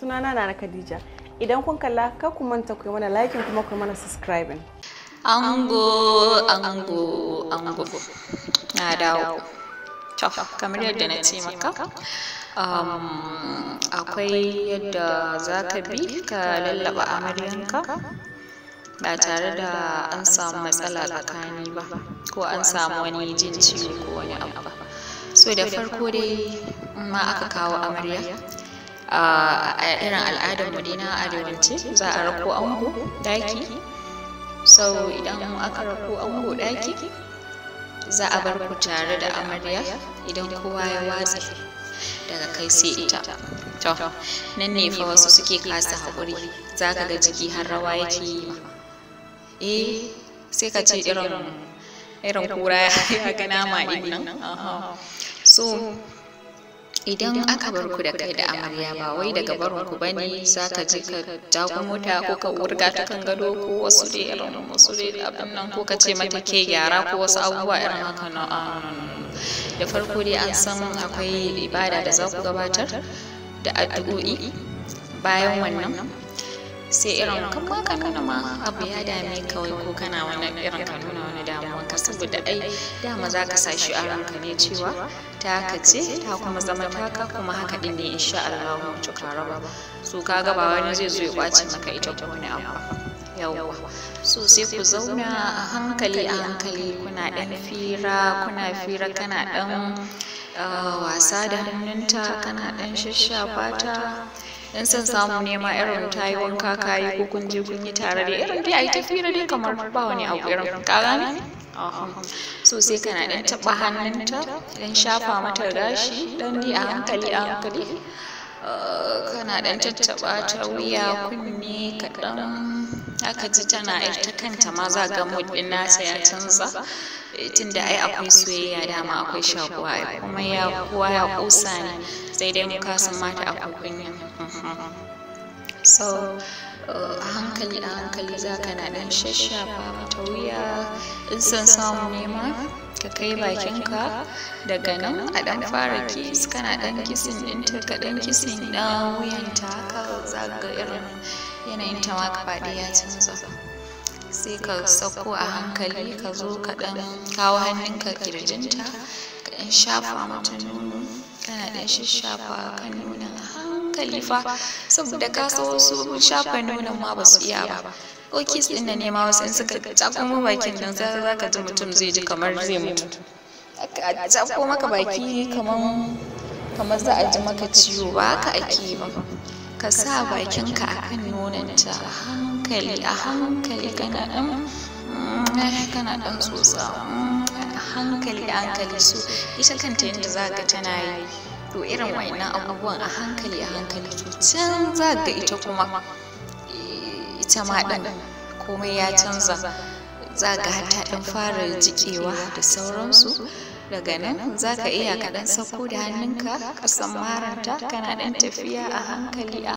sunana na na Khadija. Idan kun kalla ka ku manta ku mana like kuma ku mana subscribe. Ango ango ango. Na dawo. To kamar yadda na ce maka um, akwai yadda za ka bi ka lallaba amaryanka ba tare da an samu matsala tsakani ba ko an samu wani jin ciwo ko wani abu ba. so da farko dai ma aka kawo amarya a irin al'adar madina a arewance za a rako ango daki sau idan aka rako ango daki za a bar ku tare da amarya idan kowa ya watsa daga kai sai ita to nan ne fa wasu suke kasa haƙuri za ka ga jiki har rawa yake yi ma eh sai ka ce irin irin kura ya ga nama din nan so idan aka bar ku da kai da amarya ba wai daga barin ku bane za ka je ka jago mota ko ka wurga ta kan gado ko wasu da irin wasu da abin nan ko ka ce mata ke gyara ko wasu abubuwa irin haka na ah, ah, da farko dai an san akwai ibada da za ku gabatar da addu'o'i bayan wannan sai irin kan kana abu ya dame kawai ko kana wani irin ka nuna wani damuwan ka saboda ai dama za ka sashi a ranka ne cewa ta ka ce ta kuma zama taka kuma haka din ne insha Allah mu cika raba so ka ga ba wani zai zo ya kwace maka ita ko wani abu yawwa so sai ku zauna a hankali a hankali kuna dan fira kuna fira kana ɗan ah, wasa da hannunta kana ɗan shashafa ta in san samu nema irin ta yi wanka ka yi ko kun je kun yi tare da irin dai a yi tafiya dai kamar ba wani abu irin ka gane so sai kana dan taba hannunta dan shafa mata gashi dan dai a hankali a hankali eh, kana dan tattaba ta wuya kunne kaɗan aka ji tana ta kanta ma za ga mood din nata ya canza eh, eh, tunda ai akwai soyayya dama akwai shakuwa ai kuma ya kowa ya kusa ne sai dai mu kasan mata a kunya mm, mm, mm. so uh, a hankali a hankali za ka na dan shashafa mata wuya in san samu nema ka kai bakinka daga nan a dan fara kis kana dan kisin ta ka dan kisin ɗan wuyanta haka za ga irin yanayin ta ma gaba ya canza sai ka sauko a hankali ka zo ka ɗan kawo hannunka kirjinta ka ɗan shafa mata nono kana ɗan shafa ka nuna a hankali fa saboda ka san wasu shafa nonon ma ba su iya ba okis ɗin na nema wasu in suka takumo bakin nan za za ka ji mutum zai ji kamar zai mutu a tsako maka baki kamar za a ji maka ciwo ba ka ake ba ka sa bakinka a kan nonanta a hankali a hankali kana ɗan eh, kana ɗan tsotsa a hankali a hankali su ita kanta yadda za ka tana yi to irin wa'annan abubuwan a hankali a hankali to can za ga ita kuma eh, ita ma ɗan komai ya canza za ga hata ɗan fara jiƙewa da sauransu daga nan za ka iya kaɗan sauko da hannunka ƙasan maranta kana ɗan tafiya a hankali a